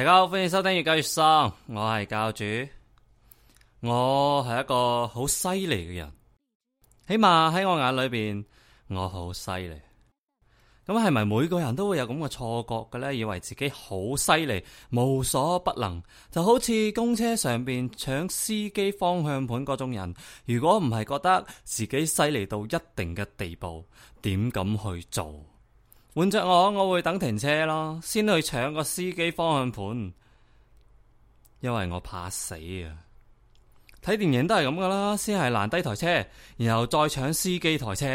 大家好，歡迎收聽《越教越生》，我係教主，我係一個好犀利嘅人，起碼喺我眼裏邊，我好犀利。咁係咪每個人都會有咁嘅錯覺嘅咧？以為自己好犀利，無所不能，就好似公車上邊搶司機方向盤嗰種人。如果唔係覺得自己犀利到一定嘅地步，點敢去做？換着我，我會等停車咯，先去搶個司機方向盤，因為我怕死啊！睇電影都係咁噶啦，先係攔低台車，然後再搶司機台車，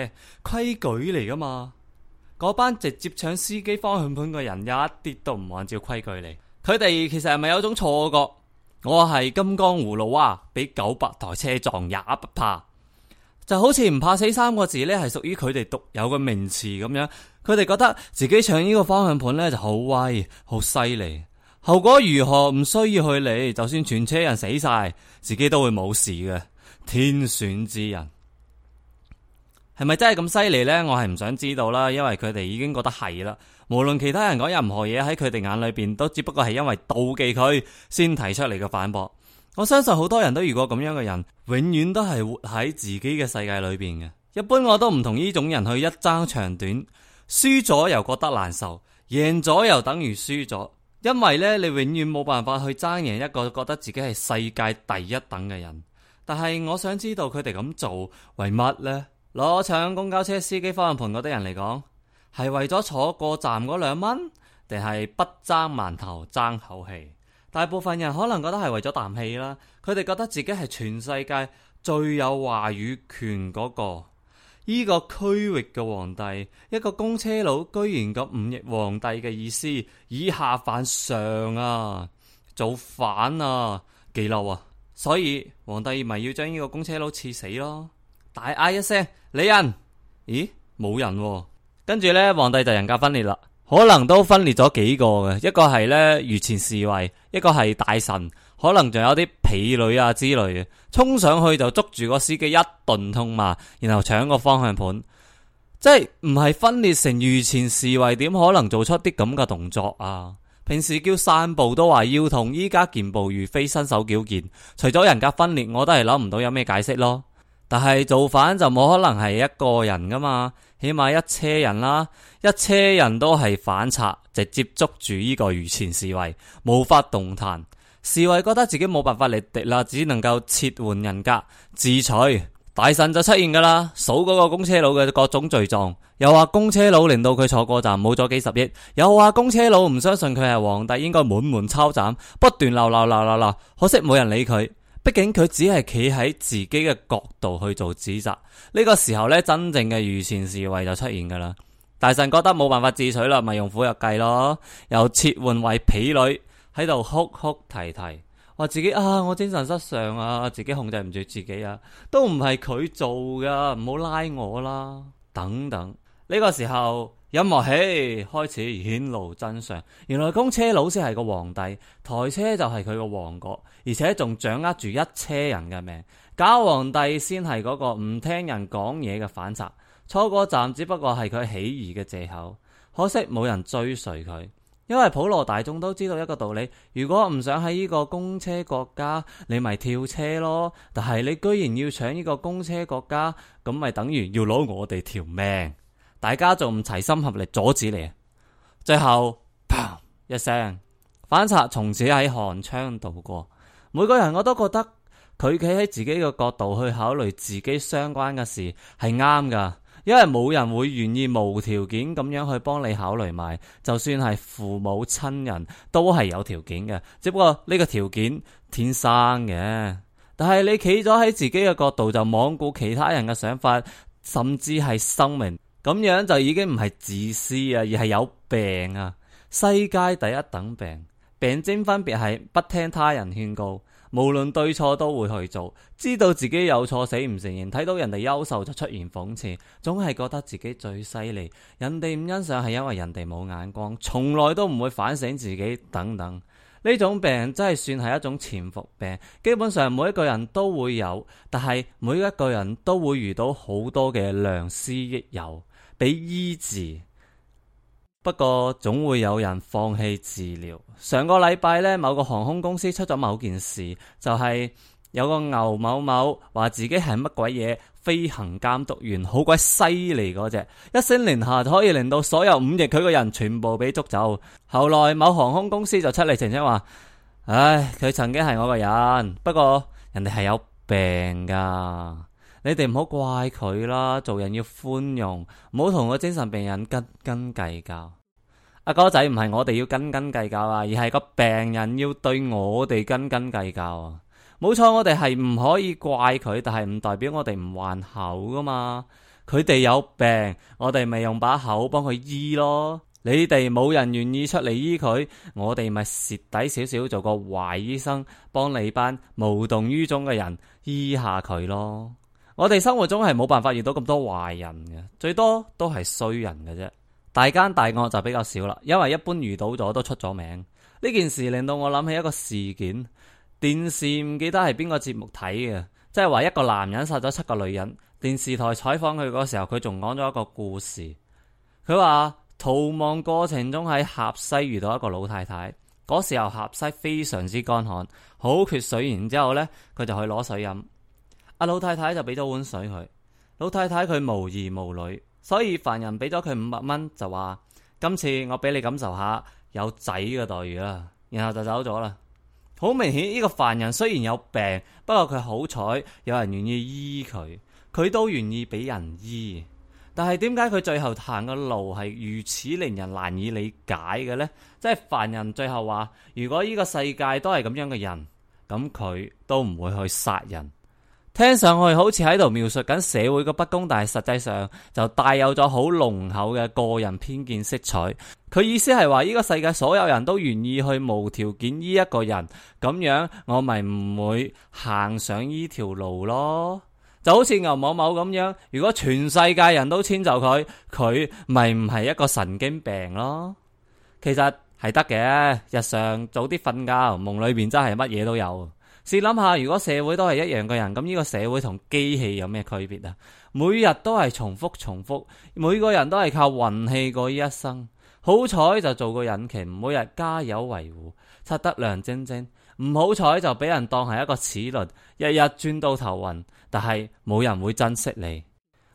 規矩嚟噶嘛。嗰班直接搶司機方向盤嘅人，有一啲都唔按照規矩嚟。佢哋其實係咪有種錯覺？我係金剛葫蘆娃，俾九百台車撞也不怕。就好似唔怕死三個字呢係屬於佢哋獨有嘅名詞咁樣。佢哋覺得自己搶呢個方向盤呢就好威、好犀利，後果如何唔需要去理，就算全車人死晒，自己都會冇事嘅。天選之人係咪真係咁犀利呢？我係唔想知道啦，因為佢哋已經覺得係啦。無論其他人講任何嘢，喺佢哋眼裏邊都只不過係因為妒忌佢先提出嚟嘅反駁。我相信好多人都遇過咁樣嘅人，永遠都係活喺自己嘅世界裏邊嘅。一般我都唔同呢種人去一爭長短，輸咗又覺得難受，贏咗又等於輸咗。因為咧，你永遠冇辦法去爭贏一個覺得自己係世界第一等嘅人。但係我想知道佢哋咁做為乜咧？攞搶公交車司機方向盤嗰啲人嚟講，係為咗坐過站嗰兩蚊，定係不爭饅頭爭口氣？大部分人可能覺得係為咗啖氣啦，佢哋覺得自己係全世界最有話語權嗰個，呢個區域嘅皇帝。一個公車佬居然咁忤逆皇帝嘅意思，以下犯上啊，造反啊，幾嬲啊，所以皇帝咪要將呢個公車佬刺死咯。大嗌一聲，嚟人，咦冇人啊，跟住呢，皇帝就人格分裂啦，可能都分裂咗幾個嘅，一個係呢，御前侍衛。一個係大神，可能仲有啲婢女啊之類嘅，衝上去就捉住個司機一頓痛罵，然後搶個方向盤，即係唔係分裂成御前侍衛點可能做出啲咁嘅動作啊？平時叫散步都話腰痛，依家健步如飛，身手矯健，除咗人格分裂，我都係諗唔到有咩解釋咯。但係造反就冇可能係一個人噶嘛，起碼一車人啦，一車人都係反賊，直接捉住呢個御前侍衛，無法動彈。侍衛覺得自己冇辦法力敵啦，只能夠切換人格自取。大臣就出現噶啦，數嗰個公車佬嘅各種罪狀，又話公車佬令到佢坐過站冇咗幾十億，又話公車佬唔相信佢係皇帝，應該滿門抄斬，不斷鬧鬧鬧鬧鬧，可惜冇人理佢。畢竟佢只係企喺自己嘅角度去做指責，呢個時候咧，真正嘅御前侍衛就出現噶啦。大臣覺得冇辦法自取啦，咪用苦肉計咯，又切換為婢女喺度哭哭啼啼，話自己啊，我精神失常啊，自己控制唔住自己啊，都唔係佢做噶，唔好拉我啦，等等呢個時候。音樂起開始顯露真相，原來公車老師係個皇帝，台車就係佢個王國，而且仲掌握住一車人嘅命。假皇帝先係嗰個唔聽人講嘢嘅反賊，錯嗰站只不過係佢起義嘅借口。可惜冇人追隨佢，因為普羅大眾都知道一個道理：如果唔想喺呢個公車國家，你咪跳車咯。但係你居然要搶呢個公車國家，咁咪等於要攞我哋條命。大家仲唔齊心合力阻止你，最後砰一聲，反賊從此喺寒窗度過。每個人我都覺得佢企喺自己嘅角度去考慮自己相關嘅事係啱噶，因為冇人會願意無條件咁樣去幫你考慮埋，就算係父母親人都係有條件嘅，只不過呢個條件天生嘅。但係你企咗喺自己嘅角度，就罔顧其他人嘅想法，甚至係生命。咁樣就已經唔係自私啊，而係有病啊！世界第一等病，病徵分別係不聽他人勸告，無論對錯都會去做，知道自己有錯死唔承認，睇到人哋優秀就出言諷刺，總係覺得自己最犀利，人哋唔欣賞係因為人哋冇眼光，從來都唔會反省自己等等。呢種病真係算係一種潛伏病，基本上每一個人都會有，但係每一個人都會遇到好多嘅良師益友。俾醫治，不過總會有人放棄治療。上個禮拜呢，某個航空公司出咗某件事，就係、是、有個牛某某話自己係乜鬼嘢飛行監督員，好鬼犀利嗰隻，一聲令下就可以令到所有忤逆佢嘅人全部俾捉走。後來某航空公司就出嚟澄清話，唉，佢曾經係我個人，不過人哋係有病噶。你哋唔好怪佢啦，做人要寬容，唔好同個精神病人斤斤計較。阿哥仔唔係我哋要斤斤計較啊，而係個病人要對我哋斤斤計較啊。冇錯，我哋係唔可以怪佢，但係唔代表我哋唔還口噶嘛。佢哋有病，我哋咪用把口幫佢醫咯。你哋冇人願意出嚟醫佢，我哋咪蝕底少少做個壞醫生，幫你班無動於衷嘅人醫下佢咯。我哋生活中係冇辦法遇到咁多壞人嘅，最多都係衰人嘅啫。大奸大惡就比較少啦，因為一般遇到咗都出咗名。呢件事令到我諗起一個事件，電視唔記得係邊個節目睇嘅，即係話一個男人殺咗七個女人。電視台採訪佢嗰時候，佢仲講咗一個故事。佢話逃亡過程中喺陝西遇到一個老太太，嗰時候陝西非常之乾旱，好缺水，然之後呢佢就去攞水飲。阿老太太就俾咗碗水佢。老太太佢無兒無女，所以凡人俾咗佢五百蚊，就話今次我俾你感受下有仔嘅待遇啦。然後就走咗啦。好明顯呢個凡人雖然有病，不過佢好彩有人願意醫佢，佢都願意俾人醫。但係點解佢最後行嘅路係如此令人難以理解嘅呢？即係凡人最後話，如果呢個世界都係咁樣嘅人，咁佢都唔會去殺人。聽上去好似喺度描述緊社會嘅不公，但係實際上就帶有咗好濃厚嘅個人偏見色彩。佢意思係話呢個世界所有人都願意去無條件依一個人咁樣，我咪唔會行上呢條路咯。就好似牛某某咁樣，如果全世界人都遷就佢，佢咪唔係一個神經病咯。其實係得嘅，日常早啲瞓覺，夢裏面真係乜嘢都有。試諗下，如果社會都係一樣嘅人，咁呢個社會同機器有咩區別啊？每日都係重複重複，每個人都係靠運氣過一生。好彩就做個引擎，每日加油維護，擦得亮晶晶；唔好彩就俾人當係一個齒輪，日日轉到頭暈，但係冇人會珍惜你。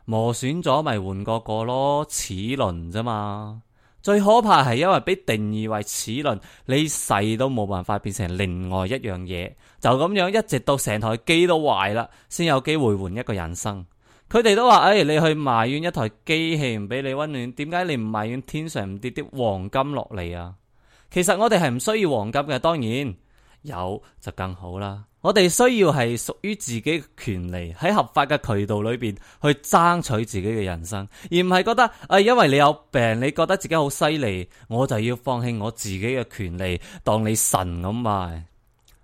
磨損咗咪換過個咯齒輪啫嘛。最可怕係因為俾定義為齒輪，你世都冇辦法變成另外一樣嘢，就咁樣一直到成台機都壞啦，先有機會換一個人生。佢哋都話：哎，你去埋怨一台機器唔俾你溫暖，點解你唔埋怨天上唔跌啲黃金落嚟啊？其實我哋係唔需要黃金嘅，當然有就更好啦。我哋需要係屬於自己嘅權利，喺合法嘅渠道裏邊去爭取自己嘅人生，而唔係覺得誒、哎，因為你有病，你覺得自己好犀利，我就要放棄我自己嘅權利，當你神咁賣，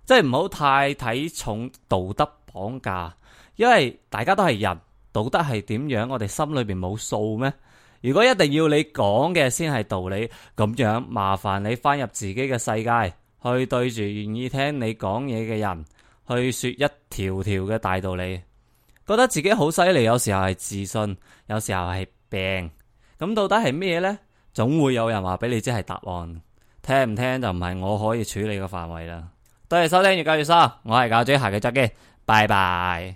即係唔好太睇重道德綁架，因為大家都係人，道德係點樣，我哋心裏邊冇數咩？如果一定要你講嘅先係道理，咁樣麻煩你翻入自己嘅世界，去對住願意聽你講嘢嘅人。去說一條條嘅大道理，覺得自己好犀利，有時候係自信，有時候係病。咁到底係咩呢？咧？總會有人話俾你知係答案，聽唔聽就唔係我可以處理嘅範圍啦。多謝收聽，越教越深，我係教嘴鞋嘅澤基，拜拜。